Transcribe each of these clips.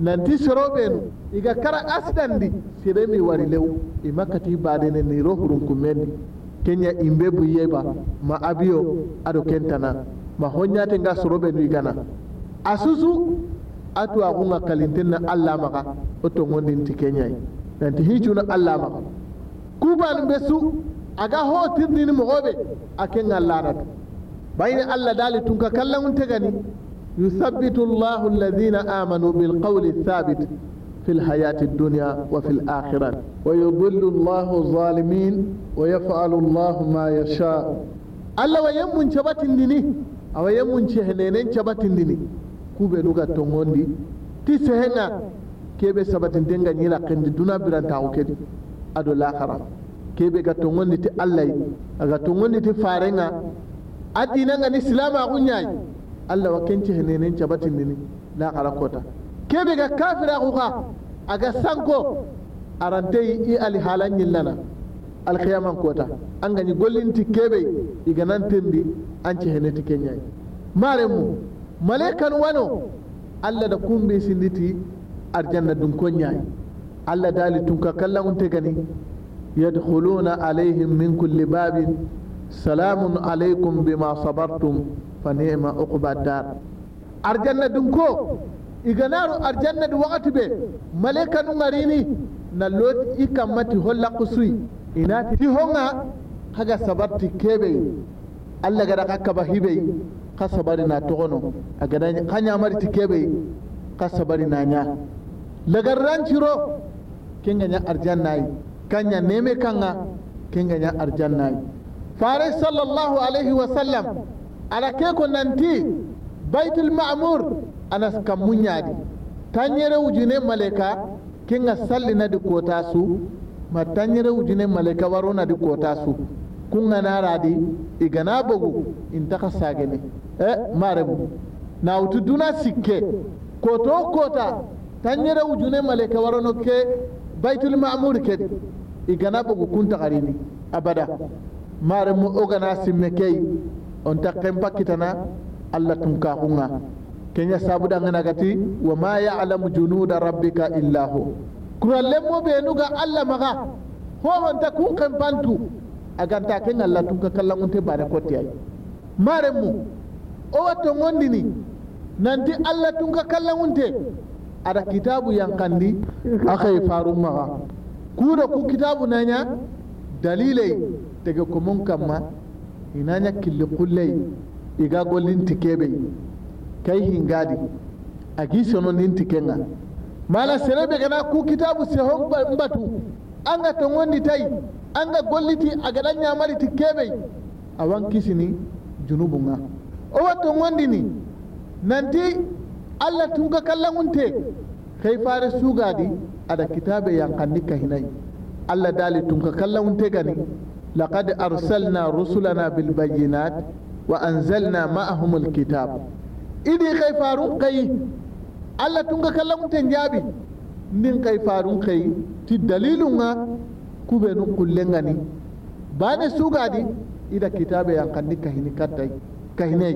nanti soroɓenu iga kara asidandi siremi wari lew ima kati badene niro hurunkumendi kenya imbe buyeba ma abiyo ado kentana ma hoñate nga soroɓenu igana asusu atu agunga na allah maga o ti kenyay nanti hicuna allah maga kubanu be su aga ho tirdini mogoɓe a kenga laratu bayni allah tun ka kallangun tegani يثبت الله الذين آمنوا بالقول الثابت في الحياة الدنيا وفي الآخرة ويضل الله الظالمين ويفعل الله ما يشاء الله ويمن شبات ديني أو يمن شهنين شبات ديني كوبا لغة تنغوندي تسهنا كيف سبات دينغا نيلا قند دونا بران تاو أدو الآخرة كيف غتنغوندي تألي أغا غتنغوندي تفارنا فارنغا أدينا غني أغنياي allah wa kenci hininin cabatin nini na karakota kebe ga kafira kuka a ga sanko arantai i ali yin lana alkhiyaman kota an gani gollinti kebe iga nan tindi an ci hiniti kenyai mare mu malaikan wano allah da kumbe sinditi arjanna dun konyai allah dali tun ka kallan ta gani yadkhuluna alaihim min kulli babin salamun alaikum bima sabartum fa nema arjanna dun ko iganaru arjanna du wakati be malaika nu ngarini na lot ikamati holla kusui inati ti honga haga sabati kebe alla gada kakka bahibe ka sabari na togono agada kanya ti kebe ka sabari na nya lagar ranciro kenga nya arjannai kanya neme kanga kenga nya arjannai faris sallallahu alaihi wasallam ala ke ko nanti baitul ma'mur anas kam munyadi tanyere ujine malaika kinga salli na di kota su ma tanyere ujine malaika waro na di kota su kunga na radi igana bugu in taka sagene eh marebu na utu duna sikke koto kota tanyere ujune malaika waro no ke baitul ma'mur ke igana bugu kun garini abada mare mu ogana simme kei on kita pakkitana allah tun hunga, kenya gati wa ma yalamu junuda rabbika illa hu kurallenmo ɓeenuga allah maxa hohonta kun kan xempantu ta ken allah tun ka bare ko kotte ay mare mu oh, ngondi tongondini nanti allah tun ka unte ada kitabu yang kandi, farun maxa kuuɗo ku kitabu nanya daliley tege kamma Ina inanya killi kulle iga golin bai kai hingadi agi sono nin tikenga mala serebe gana ku kitabu se hon batu anga ton wani tai anga golliti aga dan nyamari a wan kisini junubunga o ton wani ni nanti allah tun ka kallangunte kai fare sugadi ada kitabe yankandi kahinai allah dali tun ka kallangunte gani laqad arsalna rusulana bil bayyinat wa na ma'ahumul kitab idi kai farun kai Allah tun ga kallon mutan jabi nin kai farun kai ti dalilun nga kube nun kullen gani bane sugadi ida kitabe yankanni kahini kattai kahinai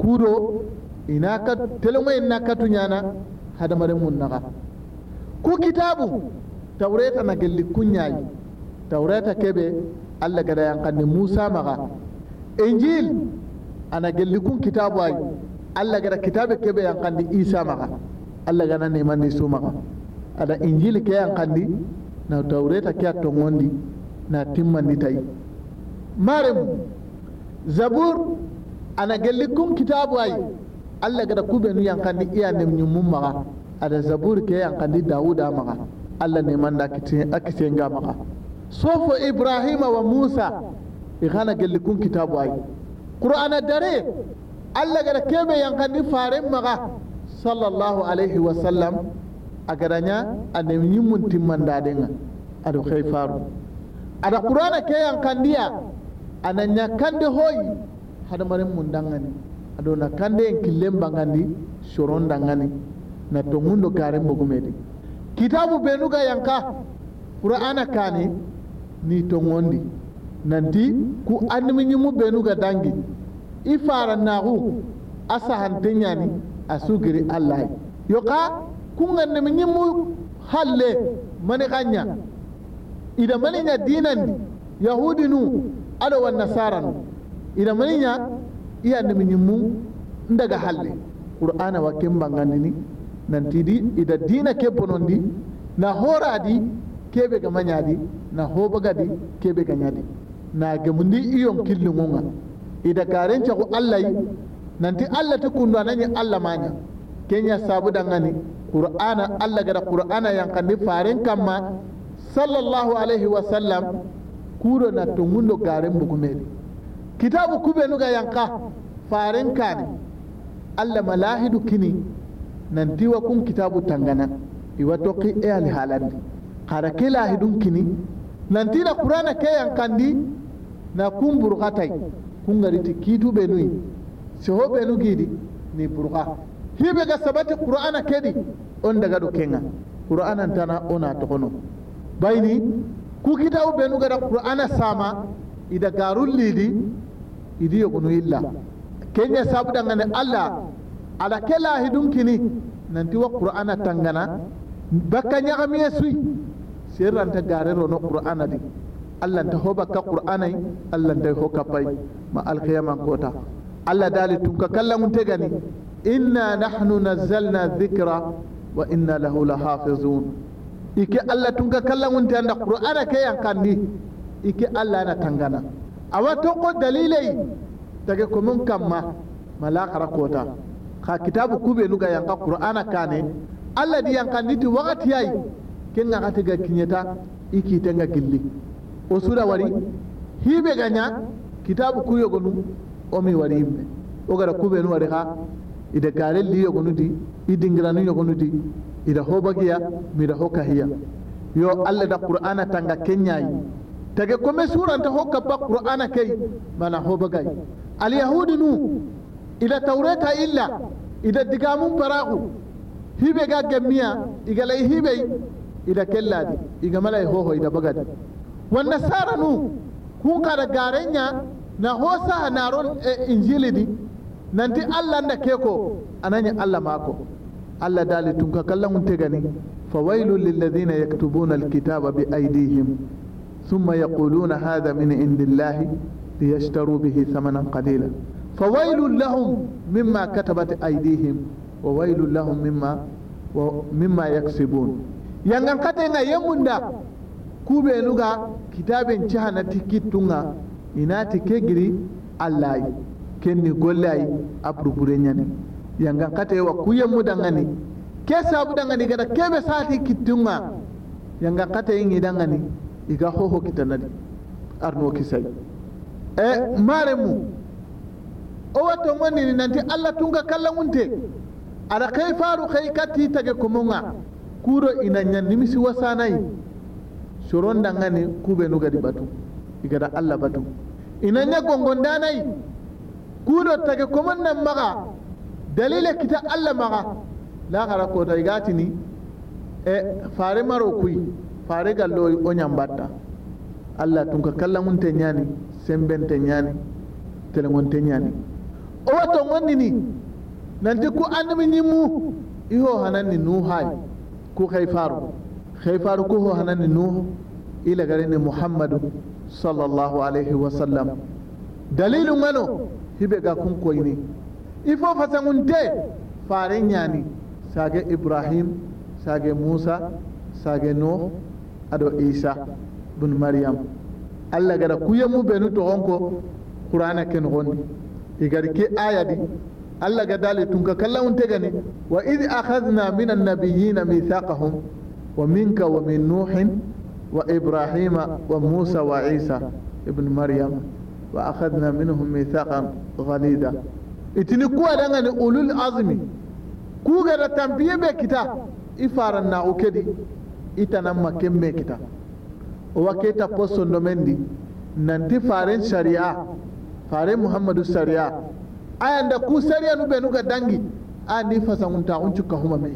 kudo ina ka telma ina ka tunyana hadamaren mun ku kitabu na kebe allah gada kanni musa maga injil ana gellikun kitabu ay allah gada kitabe bayan kanni isa maga allah gana nemandi su maga ada injil ke kanni na taureta ke a tongondi na ni tai maremu zabur ana gellikun kitabu ay allah gada kubenu kanni iya nem ñummun maga ada zabur ke kanni dawuda maga allah akisen ga maga sofo ibrahima wa musa ihana gelli kun kitabu ai qur'ana dare allah gada kebe yankani farin maga sallallahu alaihi wasallam a gadanya a nemi mun timman dadin a da kai faru a da qur'ana ke yankandiya a nan yankandi hoyi hadamarin mun dangane a do na kande yan killen bangandi shoron dangane na tongundo garen bugumedi kitabu benuga yanka qur'ana kani ni to wondi nanti ku admi ñimu benu ga dangi i fara naxu a sahante ñani a sugiri allahi yoqa ku ngandemi ñimu halle mani xanña ida maniña dinandi yahudi nu ado wa nasara nu ida maniña i andemi ñimmu ndaga halle qur'ana wa ken nanti di ida dina ke bonondi na horadi kebe ga manyadi na ke kebe ga nyadi na ga mundi iyon killungunga ida ta ku allah nanti allah ta kundu anani allah manya kenya sabu dangani qur'ana allah gada qur'ana farin faren kamma sallallahu alaihi wa sallam kuro na tungundo garen bugumedi kitabu kube ga yanka faren kani allah malahidu kini nanti wa kun kitabu tangana iwa toki e alhalandi kada ke lahidun kini nanti na qur'ana ke kandi na kun burqatai kun gariti kitu benui se ho benu gidi ni burqa hibe ga sabati qur'ana kedi on daga do kenga qur'ana tana ona to kono bayni ku kitau benu ga qur'ana sama ida garul lidi idi kunu illa kenya sabu ne allah ala ke lahidun kini nanti wa qur'ana tangana bakka nyagamiye sui sirranta gare rono qur'ana di allah ta hoba ka qur'anay allah nday ho kabbay ma kota. allah dali tun ka kallamunte gani inna nahnu nazzalna dhikra wa inna lahu lahafizun ike allah tun ka kallamunte anda qur'ana ke yankandi ike allah na tangana awa ko dalilai tage komin kamma malakara kota ka kitabu kube nuga yanka qur'ana kane allah di yankanditi wakati yayi kenga ate ga kinyata ikitenga gilli o sura wari hibe ganya kitabu kuyo gonu mi wari himbe o gara nu wari ha ida garelli yo gonu di ida da hoka hiya yo allah da qur'ana tanga kenyayi tage kome ta hokka ba qur'ana kai mana al yahudi nu ida taureta illa ida digamun paragu hibe ga gemiya igalai hibe. ida kelladi iga malay hoho ida bagadi wan nasara nu kun kada garenya na hosa naron e injili di nanti allah nda keko ananya allah mako allah dali tun ka kallan unte gani fa wailu lilladhina yaktubuna kitaba bi aydihim thumma yaquluna hadha min indillahi liyashtaru bihi thamanan qalila فويل لهم مما كتبت أيديهم وويل لهم مما, مما يكسبون yangan kate na yemunda kube nuga kitaben ina tikittunga ke kegiri allayi kenni ni gollayi a burubure ñani yangan kate wa kuyemmu dangani ke sabu dangani gada kebe sati kittunga yangan kata yin dangani iga hoho kitanadi arno sai. e maremu o watto gonini nanti allah tunga kalla munte aɗa kai faru kai kati tage kumunga kuro ina da wasanayi kube nuga di batu igada allah batu ina ña gongondanayi kuɗo tage komannan maga dalile kita allah maga lahara kota ni e fare maro kuyi fare gallo o ñambatta allah tun ka kallan kallagunte ñani sembente ñani telegonte ñani o wa ni, nanti ku andimi ñimmu iho hanani nuhai ku khayfaru khayfaru ku ho hanani nuhu ila garini muhammadu sallallahu alaihi wa sallam dalilu ngano hibe ga kun ne ifo fasangunte faren ñani sage ibrahim sage musa sage nuh ado isa bun maryam allah gara kuyemu benu togonko qur'ana ken gondi igari ke aya allah ga dalil tun ka kalla un tegani wa idh akhadna min an-nabiyyin mithaqahum wa minka wa min nuh wa ibrahima wa musa wa isa ibn maryam wa akhadna minhum mithaqan ghalida itini kuwa dangani ulul azmi ku ga da tambiye be kita ifaran na ukedi ita makin me kita wa keta posto nomendi nanti faren shari'a faren muhammadu shari'a ayanda ku sariyanu benu ga dangi a ni fasagunta un cuka huma me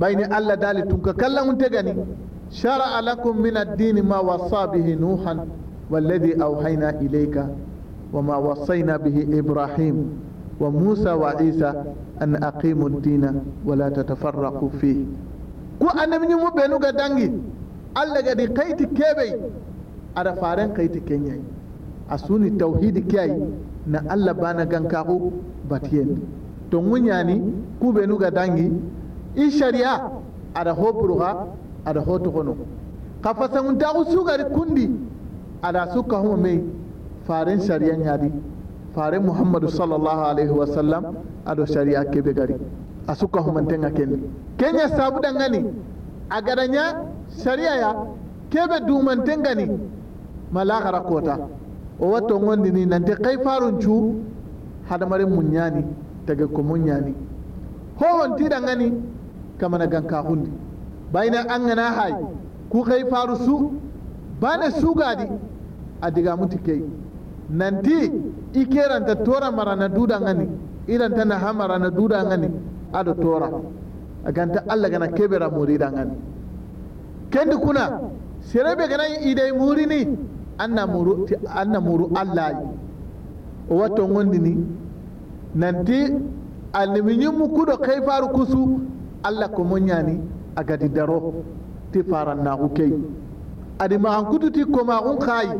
ɓayni allah dali tunka kalla un tegani shara lakum min addini ma wassa bihi nuhan walladi auhayna ilayka wama wassayna bihi ibrahim wa musa wa isa an aqimu ddina wala tatafarraqu fih ko annabiñumu ɓe nuga dangi allah gadi kayti keɓey aɗa faren kayti keñayi a suuni tawhidi ke na Allah bana gankaku batiyen to ku bai nuka dangi i sharia ada ha a da ho togono ka su gari kundi da su kahuma mai farin sharia di farin muhammadu sallallahu alaihi wasallam da sharia ke be gari a su ka kahumantenga kendi kenya sabu gani a gadanya sharia ya ke gani dumantengani malagara kota o watto ta kai farun cu hadamarin munya ne daga ko ne ñaani howon tiɗa gani kama gan ka hundi bayan an gana hai ku faru su ba na su gadi a digamuti key nanti i ta tora mara na duda gani idan na naha mara na duda gani da tora a ganta allah gana muri muriɗa gani kendi kuna serebe gana muri murini an muru Allah muru wani ne nan nanti alimiñin mu da kai faru kusu allah ne a gadi daro ti farannaku key adi maxan kututi komaxun xaayi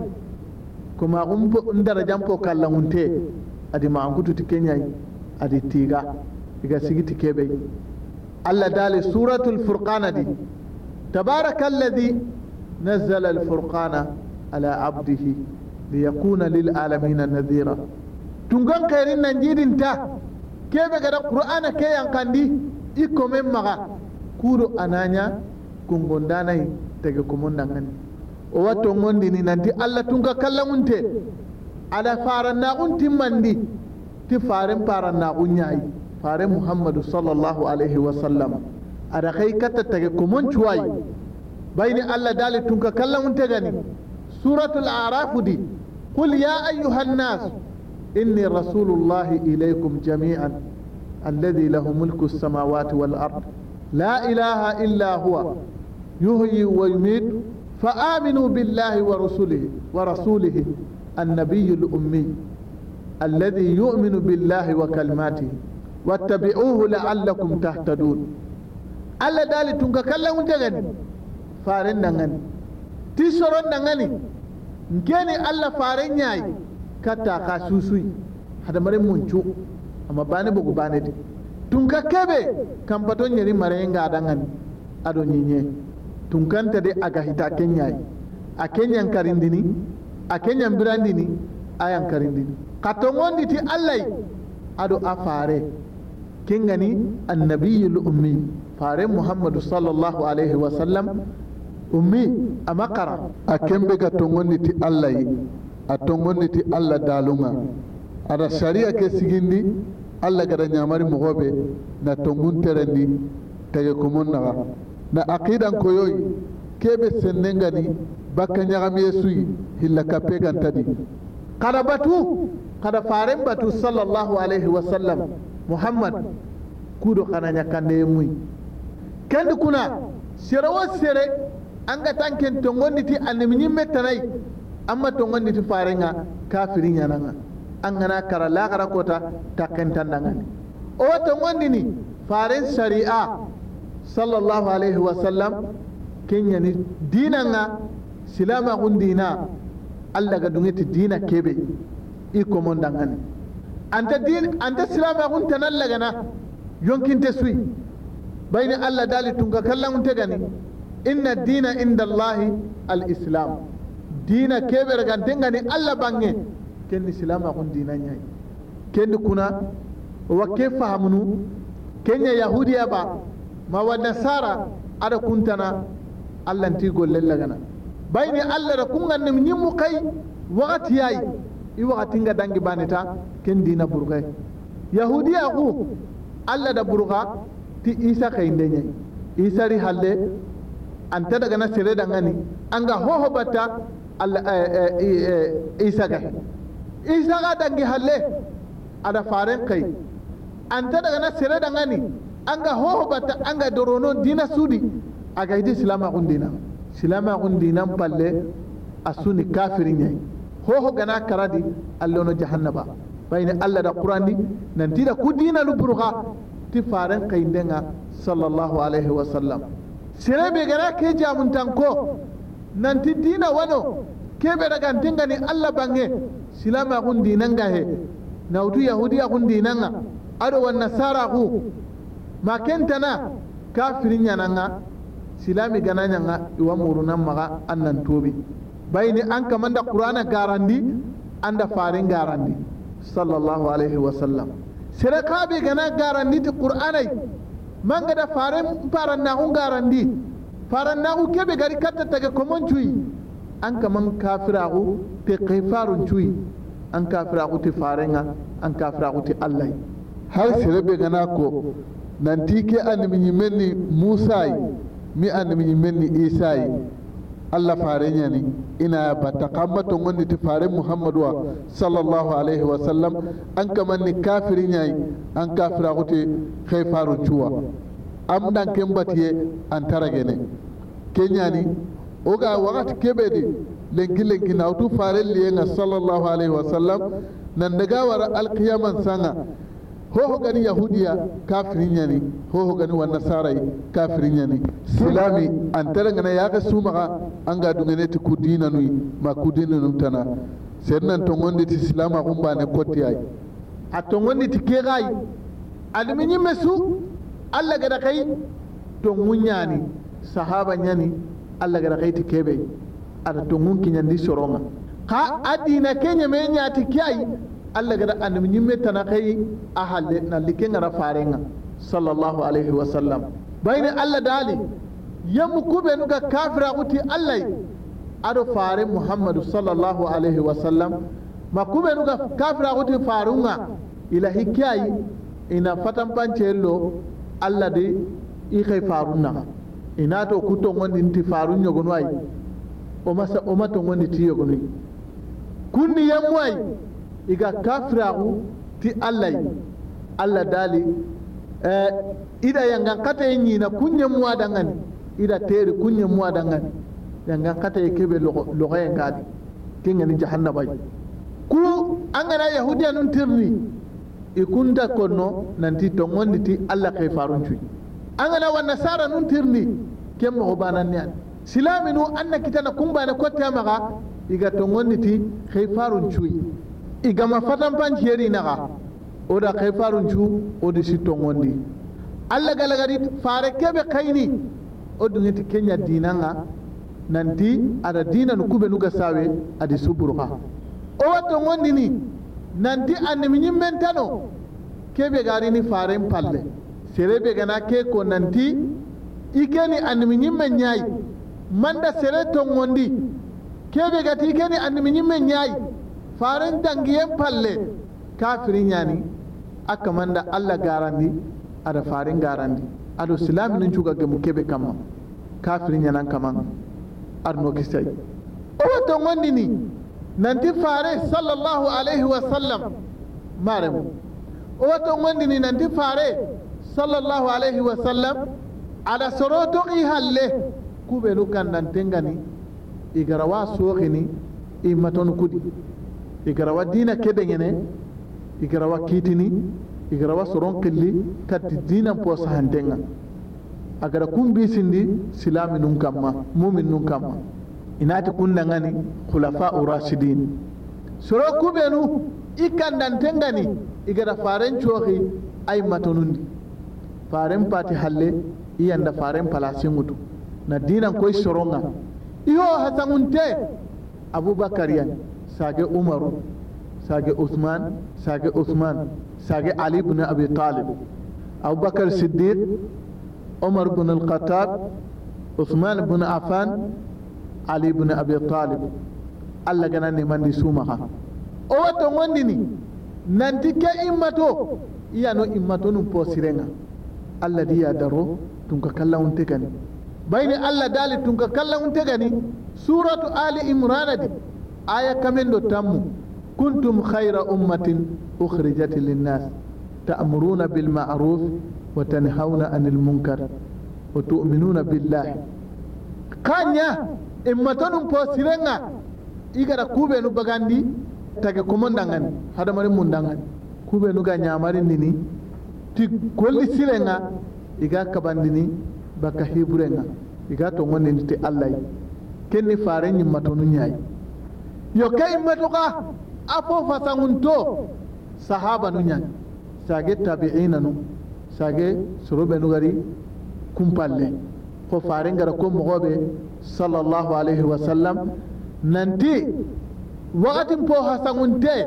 komaxun ndarajan po kallangunte ti kenya yi a adi tiga iga sigiti keɓey allah dali suratul furqana di tabaraka alladi nazala furkana. على عبده ليكون للعالمين نذيرا تنغن خيرين نجيد انت كيف قد القرآن كي ينقندي إكو من مغا كورو أنانيا كنغن داني تغكمون دانغن واتنغن ديني ننتي ألا تنغا كلمنت على فارنا أنت مندي تفارن فارنا أنياي فارن محمد صلى الله عليه وسلم أرخي كتا تغكمون شوي بين ألا دالي تنغا كلمنت غني سورة الأعراف دي قل يا أيها الناس إني رسول الله إليكم جميعا الذي له ملك السماوات والأرض لا إله إلا هو يهيي ويميت فآمنوا بالله ورسله ورسوله النبي الأمي الذي يؤمن بالله وكلماته واتبعوه لعلكم تهتدون ألا دالي تنكا كلا فارن نغني تسرن نغني ne allah faren yayi katta ka susui hada mare muncu amma bani bugu bani di tun ka kebe kan pato nyeri mare nga adangani ado nyinye tun kan a ga hita kenya a kenyan dini a kenyan birandini ayan karindini katongondi ti allah ado a fare annabi yi lu'ummi fare muhammadu sallallahu alaihi wasallam ummi a makara a kembe ga tongonditi allah yi, a tongonditi allah dalunga ada shari'a ke sigindi allah gada ñamari mogoɓe na tongun terendi tege komon naxa na aqidan koyoyi keɓe sennengani bakka ñagamiye suyi hilla kappe gantadi kada batu kada faren batu sallallahu alaihi wa sallam muhammad kudo kana ñakkandeye muy kendi kuna sere wo sere an anga tanken tongondi ti annabi ñimme tanay amma tongondi ti farenga yana nga an gana kara lagara kota takkentan dangani o tongon ni faren shari'a sallallahu alaihi wasallam dina nga silama kun dina allah ga dungeti dina kebe i komon dangani anta din anta silama kun tanan lagana yonkinte sui bayni allah dali tunga kallan kun gani inna dina inda allahi al-islam dina keɓere gan ni allah bange ken islam akun dina ñayi ken kuna wa ke ken ya yahudiya ba ma wa nasara ada kuntana allah nti golle lagana bayni allah da kun gannim mu kai wakati yayi i wakati nga dangi baneta ken dina burga yahudiya ku allah da burga ti isa kayinde isa isari halle An ta daga na sere da ngani an ga hoho eh, eh, eh, ga isaga isaga dangi halle da faren kai an ta daga na sere da ngani an ga hoho bata, an ga doronon dina sudi a ga idi silama gundina silama balle, palle suni kafirin yayi hoho gana karadi allono jahannaba bayni allah da qurandi ti da ku lu burga ti faren kai denga, sallallahu alaihi wasallam serebe gara ke jamuntanko nan dina wano tinga ragantengani allah bange silama kun dinanga he nawtu yahudiya kun dinanga ado wa nasara ku ma kafirin kafiri ñananga silami gana ñanga iwa murunan maka an nan tobi ni an da qur'ana garandi da farin garandi sallallahu alaihi wasallam ka bai gana garandi ti qur'anai mangada garandi faran na hu kebe gari katta taga komon cuyi an kaman hu te xifarun cuyi an te faran farenga an hu te allahy har be gana ko nanti ke animi ñimen ni musayi mi animi ñimen ni isayi allah ne ina ta kamma to ta fare muhammadu wa alaihi alayhi wa sallam an kamanni kafiri ñayi an kafiraxuti kai faru cuwa am dan kin batiye an tara kenya ke o ga wakati keɓedi lenki lenki nawtu fare liyenga sallallahu alaihi wa sallam nan daga wara alqiyaman sanga hoho gani yahudiya kafirin yani hoho gani wa nasarai kafirin yani silami an tara ngana yaga sumaga an ga dungene ta kudina nui ma kudina nun tana nan ton tongondi ti silama ba ne kotti ay a tongondi ti kegai adumi nyimme su allah gada kai tongun yani sahaba yani allah gada kai ti kebe ada tongun kinyandi soronga ka adina kenya me nyati kai allah gada anum ñimme na kai a halle na likin ra farenga sallallahu alaihi wa sallam bayni allah dali daali yammu kuɓe nuga kafira uti allahy aɗo fare Muhammad sallallahu alaihi wa sallam ma kuɓe nuga kafira uti farunga ila hikayi ayi ina fatanpanceen lo allah de i xey farunna inato ku togondi nti o masa o mato togondi ti yogonuy kunni yamwai iga ku ti allah allah dali eh, ida yangan kata yi ñina kunɲe muwa dangani ida teri kunɲe muwa dangani yangan kata yi kebe logoyen kadi ke ngani jahannabayi ku an gana yahudiya nun tirni ikunda konno nanti tongondi ti allah kai farun cuy an gana wa nasara nun tirni ken mogo bananni ani silaminu anna na kitana kumbane kotte maga iga tongondi ti kai farun cuy igama fatan fatanpanciyeri naxa o da xey faruncu wo di si tongondi allah galagadi fare keɓe xayni wo dungeti kenya dinanga nanti ada dinanu kube ga sawe adi suburuxa O wa ni, nanti gari ni garini faren palle serebe gana ke ko nanti i keni annimiñimme ñayi manda sere tongondi kebe gati i keni annimiñimme ñayi farin dangiyen falle kafirin yani aka manda allah garandi ada farin garandi ado silami nin cuga gemu kebe kama kafirin yanan kama, arno kisai o wani ne nan nanti fare sallallahu alaihi wa sallam maremu o wani ne nan nanti fare sallallahu alaihi wa sallam ada soroto i halle nan kandantengani igarawa soxini i matonu kudi igarawa dina kedeŋene igarawa kitini igarawa soron killi kati dinan po sahantenŋa agara kumbisindi silami nun kamma mumin nun kamma inati kundaŋani khulafau rasidin soro kubenu i igara faren cohi ay matonundi faren pati halle i yanda faren palasinŋutu na dinan koy soronŋa iyo hasaŋunte abubakar yani sage umaru sage usman sage usman sage ali ibn abi talib abubakar siddiq umar ibn al-khattab usman ibn affan ali ibn abi talib allah ganani mandi sumaha o watto gondini nanti ke immato iyano immato num posirenga allah diya daro tun ka kalla unte gani bayni allah dali tun ka kalla unte gani suratu ali imrana di aya kamindo tammu kuntum khayra ummatin ukhrijat linnas ta'muruna bil ma'ruf wa tanhauna 'anil munkar wa tu'minuna billahi kanya immatonum po sirenga igara kube nu bagandi taga komondangani hadamari mundangani kube nu ga nyamari nini ti golli sirenga iga kabandini baka hiburenga iga to ngondini ti allah kenni fare nyimmatonu nyaayi yo kai matuka afo fasangunto sahaba nu ñani sage tabi'ina nu sage sorobe nu gari kumpalle ko farin ngara ko mogoɓe sallallahu alaihi wa sallam nanti wakatin po hasangunte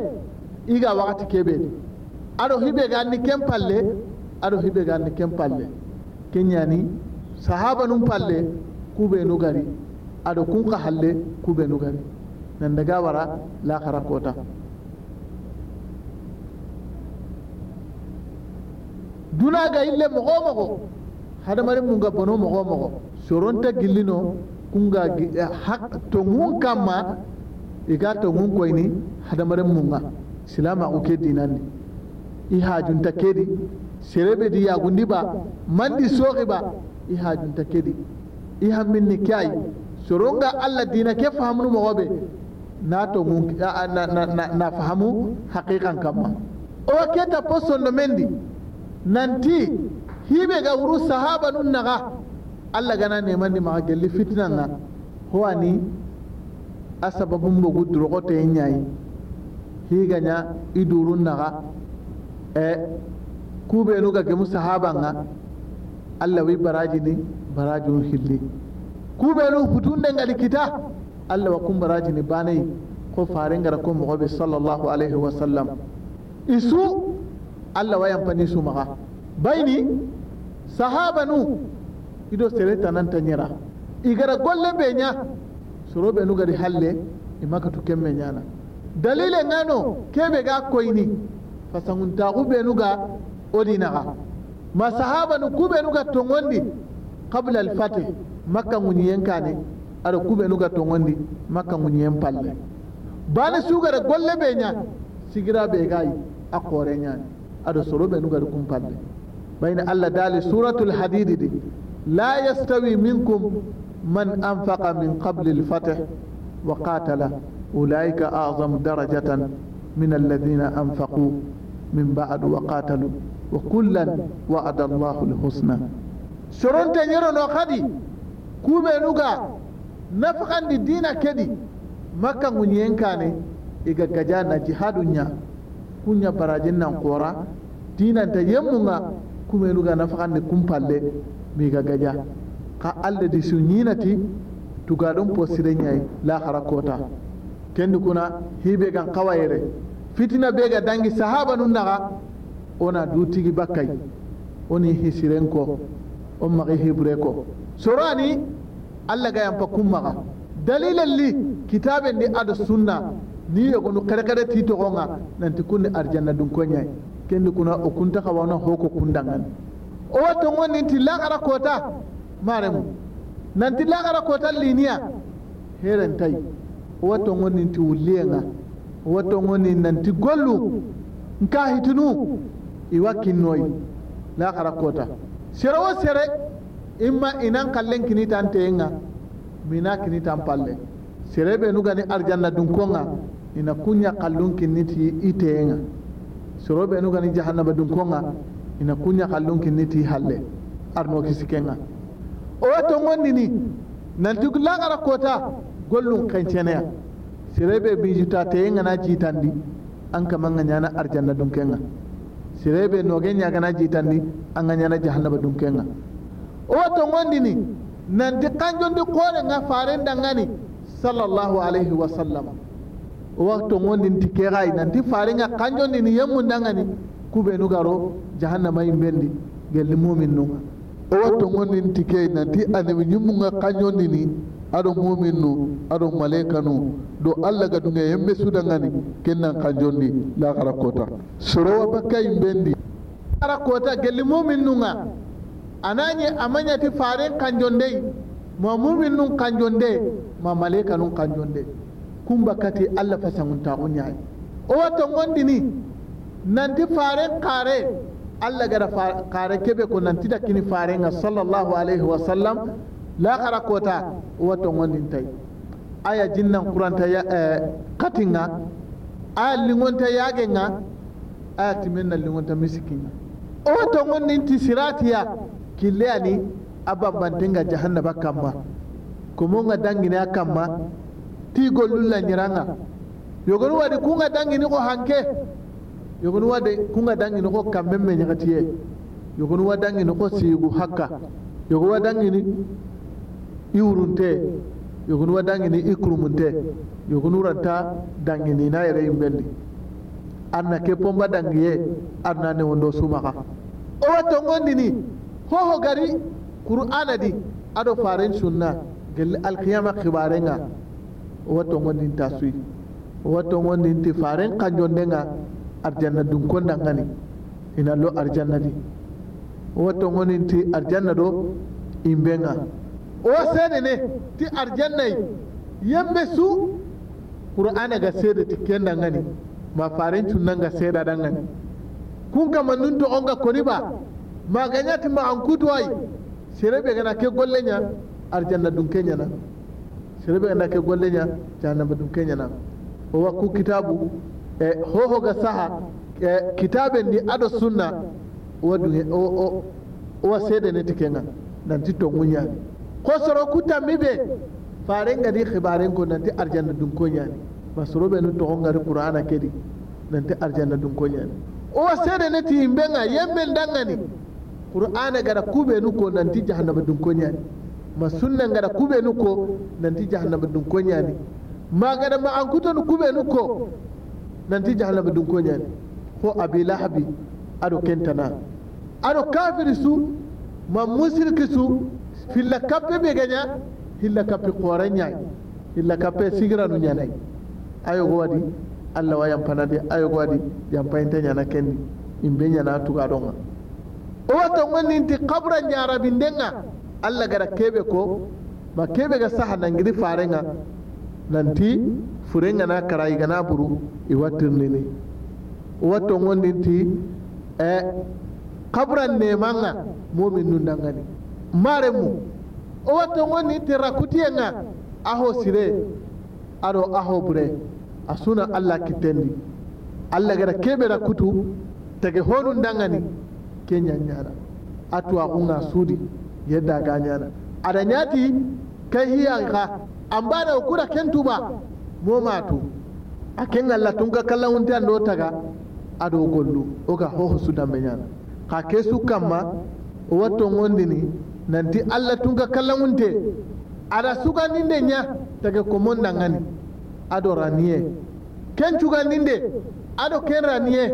iga wakati be aro hibe ga anni ken palle aɗo hiɓe ga anni ken palle keñani sahaba nun palle kube nu gari aro kun ka halle kube nu gari nandaga wara lahara kota ga ille mogo mogo mun munga bono mogo mogo ta gillino kunga eh, tongun kamma i ga tongun koyni mun munga silama u ke dinanni i ta kedi serebe di gundi ba mandi soki ba i ta kedi i hamminni ke ayi soronga allah dina ke fahamunu be. na to mun na na na, na fahamu haqiqan kamma o keta posonno mendi nanti hiɓe ga wuru sahaba nun naga allah gana nemandi maxa gelli fitina nga howani a sababu mbogu duroxote ñayi higaña i durun naxa e kuɓenu ga mu sahaba nga allah wi barajini barajun xilli kuɓenu hutundengali kita Allah wa ne jini banai ko farin gara ko bi sallallahu alaihi wa sallam isu Allah wa yamfani su maka. baini sahabanu ido sere tanan tanyira igara golle be nya surobe nu gari halle imaka to kemme nyana dalile ngano kebe ga koyni fasangun ta ku be nu ga odina ga sahaba nu be nu ga tongondi qabla al-fatih makka mun yanka ne ada kuɓenu ga tongondi maka ŋuñen palle suga sugara golle benya sigira begai gayi a koore ñani aɗa soro ɓenu gadi kum palle baina allah dali suratul hadidi di la yastawi minkum man anfaqa min al lfatih wa qatala ulaika a'zam darajatan من الذين أنفقوا من بعد وقاتلوا وكلا وعد الله الحسنى سرون تنيرون وقدي كوبي نوغا nafakandi dina kedi maka ŋuñiyen kane iga gaja na jihadunya kunya barajin nan kora dinanta yemmunga kumenuga nafakandi kumpalle miga gaja ka alla di suñinati tugaɗon po sirenñayi e, lahara kota kendi kuna hibe gan kawayere fitina be ga dangi sahaba nun naga ona dutigi bakkai bakkay oni hisiren on magi hibre sorani allah ga yamfa kun maka dalilan li kitabin ni ado sunna ni yogonu karkare nan nanti kunni arjanna konya kendi kuna o kunta xawana hoko kundangani owa tongo ninti kara kota maremu nanti kara kota liniya herentayi owa tongo ninti o wato ngoni ni ti gollu nka hitinu iwa la kara kota sere wo sere imma inan kallen ta teyenga mina kinitan palle serebe ni arjanna dunkonga ina kunya kallun kiniti iteyenga ni nugani jahannaba dunkonga ina kunya kallun ti halle arno kisikenga owa tongondini la gara kota gollun kenceneya serebe ta teyenga na ji jitandi an kamanga ñana arjanna dunkenga serebe ji ta jitandi an ga ñana jahannaba dunkenga woto gondini nanti kanjum ndi korenga farendangani sallallahu alaihi wa sallam wakto gondinti keray nanti farenga kanjum ndini yemmundangani kuɓenugaro jahannama yin yimɓendi gelli mumin nuga o watto gondinti key nanti annabi ñimmuga ni, aɗo mumin nu aɗo malaika nu do allah ga dunga yembe sudangani kennan kanjondi lahara kota sorowa bakka yimɓendi hara kota gelli mumin nuga ananye amanya ti faren kanjonde ma mumin nun kanjonde ma malaika nun kanjonde kumba kati Allah fasangun ta kunyai o wato nan nanti faren kare Allah gara kare kebe ko nanti da kini faren sallallahu alaihi sallam la kara kota o wato ngondin tai aya jinnan kuranta ya eh, katinga aya lingonta yagenga aya timenna lingonta misikinga o wato ngondin ti siratiya kiliyani abambantin ga jahannaba kamma kumunga dangini a kamma ti gollulla ñiranga yogonu wadi kunga dangini ko hanke yogonu wadi kunga dangini ko kamben me ñagatiye yogonu wa dangini ko siigu hakka yogo wa dangini iwurunte yogonu wa dangini ikurumunte yogonu ranta dangini na yere yimbelli anna ke pomba dangiye arnane wondo sumaka owa tongondini ho gari qur'ana di ado faren sunna gel alqiyama khibarenga wato ngondi taswi wato ngondi ti faren kanjondenga arjanna dun konda ngani ina lo arjanna di wato ngondi ti arjanna do imbenga o senene ti arjanna yembe su qur'ana ga seda ti kenda ngani ma farin cunnan ga seda dan ngani kun kama nun to onga kori ba maganyati ma an kutuwai serebe gana ke nya gollenya arjanna dun kenyana serebe gana ke gollenya jahannama nya na, o wa ku kitabu e eh, hohoga saha e eh, kitabe ndi aɗo sunna wadu owa seede neti kenga ti to ŋuñani ko soro ku tammi ɓe faren gadi hibaren ko nanti arjanna dun koñani ma soro ɓe nu toxo ngari qur'ana kedi nanti arjanna dun koñani owa seede neti yimɓe ga yemɓe ndangani qur'ana gara kube nuko nanti jahannama dun konyani ma sunna gara kube nuko nanti jahannama dun konyani ma gara ma an kuton kube nuko nanti jahannama dun konyani ko abi lahabi ado kentana ado kafiri su ma musirki su filla kappe be ganya hilla kappe qoranya hilla kappe sigranu nyanai ayo wadi Allah wa yampanade ayo wadi yampainta nyana kendi imbe nyana tuga donga wani ti kabran jarabindenga allah gara kebe ko ma kebe ga saha nan ti fure nga, na kara gana buru i ne owato gonninti e kabran nemanga momin nu dangani mare mu ti gonninti nga, aho sire aro aho bure a suna allah tendi. allah gara keɓe rakkutu tege honum dangani kenya ñana atwa kunga sudi yedda ga ñana ada nyati kai hiyan ka an bada kura kentuba mo matu a kenga tunga kala unta ndo taga ado gollu oga hoho sudambe ñana ka kesu kamma o watto ni nanti allah tunga kala unte ada sugandinde ña taga ko ngani ado raniye ga cugandinde ado ken raniye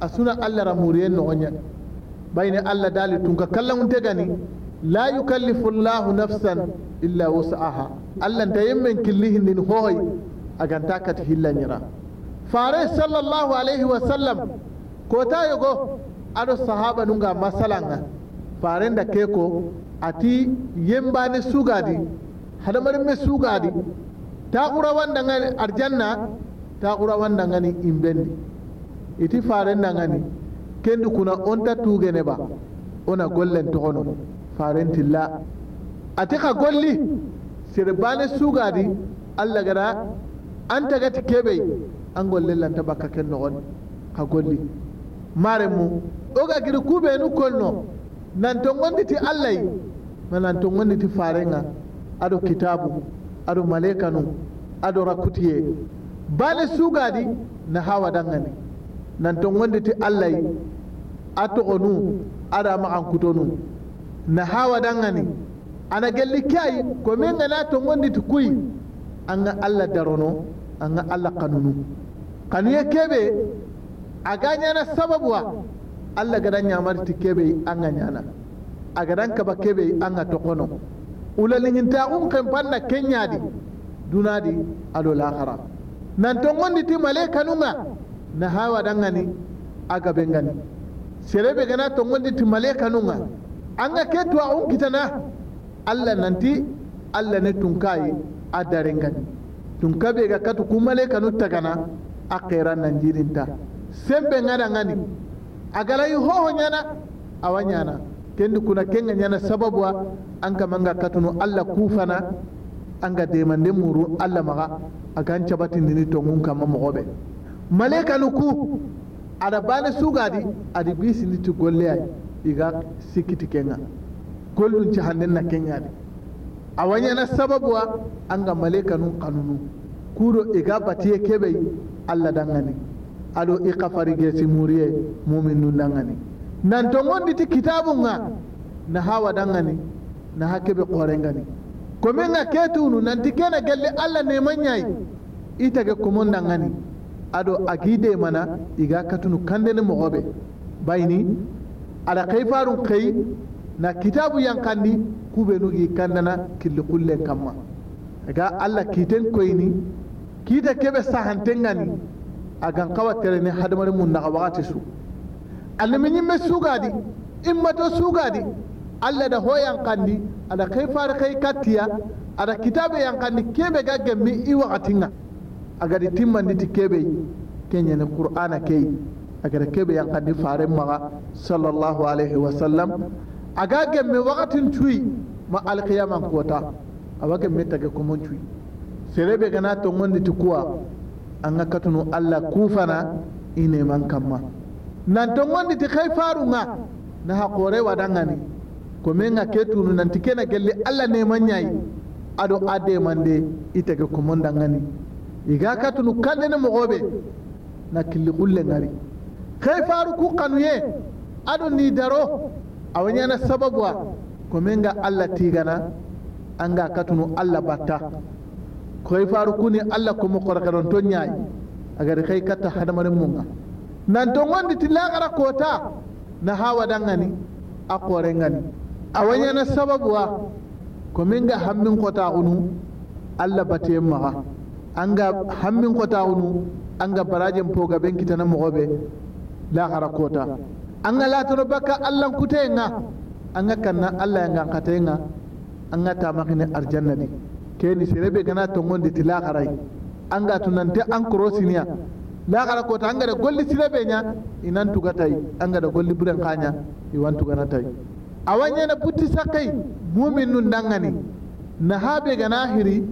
a suna allah ramuriyen noxo bayne allah daali tun ka kalla un gani la yukallifu llahu nafsan illa wusaha allah nta yemmen killi hindin hooy aganta kati yara. faare sallallahu alaihi wa sallam ko ta yugo ado sahaba nunga masalanga faare da ke ko ati yembane sugadi hadamaden me sugadi wanda ngani arjanna wanda ngani imbendi iti faare ngani kendu kuna tuge ne ba ona gollen hono farentilla ate ka golli sere bane sugadi allah gara an gati kebe, an lan ta bakka ken on ka golli mare mu oga giri nu kolno nanto gonditi allahy ma ngondi ti farenga ado kitabu ado malaika nu ado rakutiye bane sugadi na hawa dangane, nan to nanto ti allahy A a da ma ankutonu na hawa dangani ana gelli kai ko men ngana di ngondi to an ga alla darono anga alla kanunu kanu ya kebe aga nyana sababu wa alla gada nyamar ti kebe anga nyana aga a ka ba kebe ga tokono ulalin hinta un kan panna kenya di dunadi alo lahara nan to di ti male kanunga na hawa dangani aga bengani be gana to ngondi ti malaika nunga anga ke to on kitana Allah nanti Allah ne tunkai adarengani tunkabe ga katu ku malaika nu tagana akira jirinta sembe ngada ngani agala yi hoho nyana awanyana kendi kuna kenga nyana sababu wa anka manga katunu Allah kufana anga demande muru Allah maga agan cabatin ni to ngun kama mogobe malaika ku. ada bane sugadi adi bisindi ti golle ay iga sikiti kenga golun ci handen na kenyadi a wañana sababuwa anga malaika nun kanunu kuro iga batiye keɓey allah dangani aɗo i kafari gesi muriye mumin nun dangani nanto gondi ti kitabu ga na hawa dangani na ha keɓe qorengani komin ga ketunu nanti kena gelle allah nemañayi i tage komon dangani ado akide mana iga katunu kandene mogobe bayni kai kayfarun kay na kitabu yankandi kubenu gi kandana kille kullen kamma aga allah kiten koyini kita kebe sahanten gani agan kawa terene hadamare mun na waxate su allemi ñimme sugadi immato sugadi allah da ho yankandi ada kayfar kay katiya ada kitabe yankandi kebe ga mi i waxatinga agadi timmanditi keɓey keñene qur'ana key kebe keɓe yankandi farin maga sallallahu alaihi wa sallam aga gemme wakati cuyi ma alqiyama kota awa gemme tage komon cuyi serebe gana tongonditi kuwa an ga katunu allah kufana man kamma nanto gonditi kay nga na hakore wadangani ko menga ke tunu nanti kena gelli allah neman yayi aɗo ademande itege komon dangani iga katunu ne mogoɓe na kili kulle ngari Kai faru ku kanuye adu ni daro awa ñana sababu wa komin ga allah tigana an ga katunu allah batta kai faru ni allah komo korakaronto ñayi agari kai katta hadamaren munga nanto gondi tillagara kota na hawa dangani, a ngani. awa ñana sababu wa komin ga hammin kota kunu allah bateyen maha. An anga hammin kota unu ga barajen poga ben kitana mogobe la gara kota ga latoro baka allan an ga kanna allah nga katenga anga tamakine arjanna ni keni serebe gana tongondi ti an ga anga tunante an kuro la gara kota ga da golli sirebe nya inan an ga da golli buren kanya iwan tuganatai awanya na putti sakai mu'min nun dangani na habe gana hiri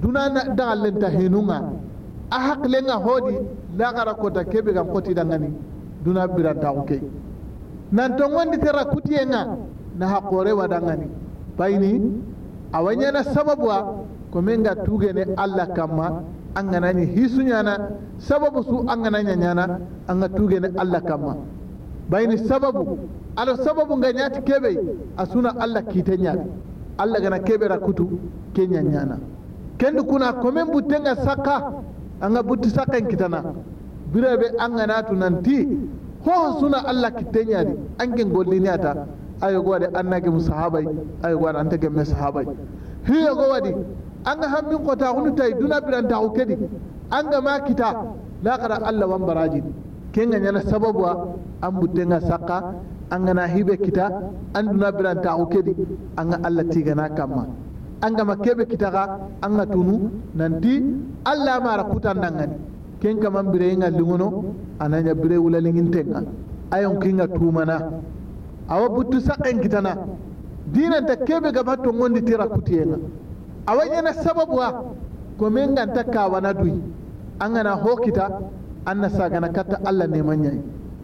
dunana dagalenta hinunga a hakilenga hodi lagara kota kebe ka koti dangani duna birantaxu ke nan tongondi tera kutiyenga na hakore wadangani bayini awa ɲana sababuwa komen ga tugene alla kamma an gana ni hisu nyana sababu su an gana ɲa ɲana an ga tugene alla kamma bayini sababu alo sababu nga ɲati kebe asuna suna alla kite ɲaɓe alla gana kebe ra kutu ke ɲa ɲana kendi kuna komen buttenga saka anga buti saka kitana birebe anga natu nanti ho suna allah kitteñadi anken golliniyata ayogo waɗi annagemu sahabay ayogo waɗi antagemme sahabay hiyogo waɗi anga hammin kotaxunu tay duna birantaxu ukedi anga ma kita laxara allah wan baraji, kenga nyana sababu a an saka, sakka angana hibe kita an duna birantaxu kedi anga allah tigana kama. An kita ga an ga tunu nanti alla mara kutandangani ken kaman bireyinga lingono ananya bire wulalingintenga ayon kinga tumana awa buttu sakken kitana dinanta kebe gaba tongondi tira kutiyenga awa ñana sababuwa kawa na kawana an gana ho kita sa sagana katta allah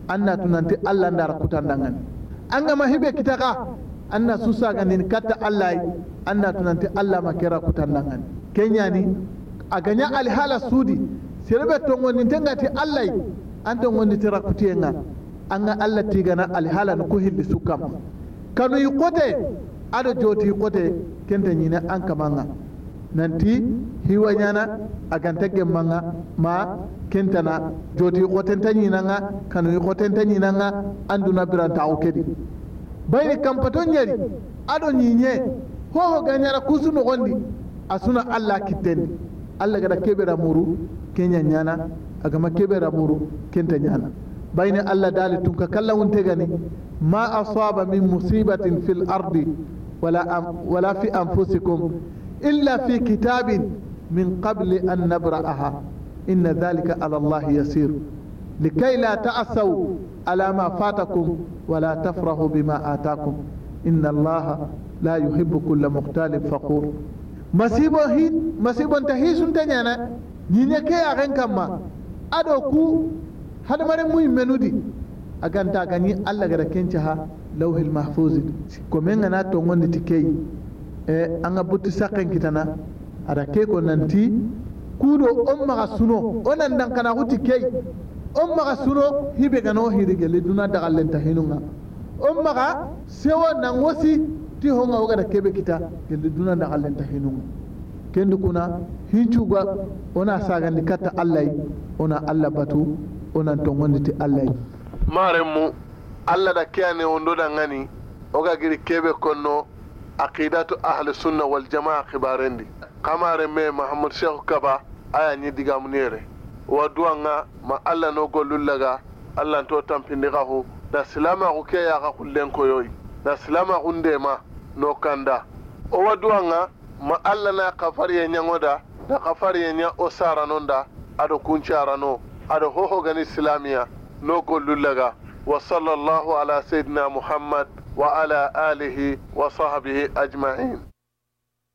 An na tunanti allah ndara gama hibe kita kitaxa anna susa ganin katta allah anna tunanti allah kutan nan hannu kenya ni a ganyen alhala sudi sirbe ton wani ti allah an ta wani tira yana an ga allah ti gana alhala na su kama. kanu yi kote ado joti kote kenta nyina an kama kamanga nanti hiwa ganta agantage manga ma na joti kote ta na nga kanu yi kote ta na nga duna biranta ukedi bayri kampa ton jari aɗo ñiñe hoho gañara kusuno gondi a suna allah kittendi allah gada keɓera muru keña ñana agama keɓera muru kenta ñana bayni allah daali tun ka kalla gani ma asaba min musibatin fil ardi wala, wala fi anfusikum illa fi kitabin min qable an nabra'aha inna dhalika ala allahi yasiru likai la ta'asau ala ma fatakum wa la tafrahu bima atakum inna Allah la yuhibbu kulla muqtalin faqur ta hi sun tanya na ni ne kai a kan ma ado ku hadmarin mu menudi akan ta gani Allah ga rakenci ha lauhil mahfuz ko men na to wanda tikei an ga butti sakan kitana ada ke ko nanti kudo on maga suno onan dan kana huti kei on maga suno hibe gano hirigeli duna dagallenta hinunga on maga sewo nan wosi ti honga da kebe kita gelli duna dagallenta hinunga kendo kuna hincuga ona sagandi katta allai ona alla batu tongondi tongonditi allai maremu alla da keane ondoda ngani oga giri kebe konno aqidatu ahli sunna wal jamaa kibarendi kamare me mahamadou cheikhu kaba aya nyidiga digamuniyere wa duwanga ma Allah no gollul laga to tampindi da na silamaxu ke kullen xullen da na hunde ndema no kanda o wa duwanga ma Allah na xafariye nyangoda da na xafariye ña o ado da aɗo ado hoho gani silamiya no gollul wa sallallahu ala Sayyidina muhammad wa ala alihi wa sahbihi ajma'in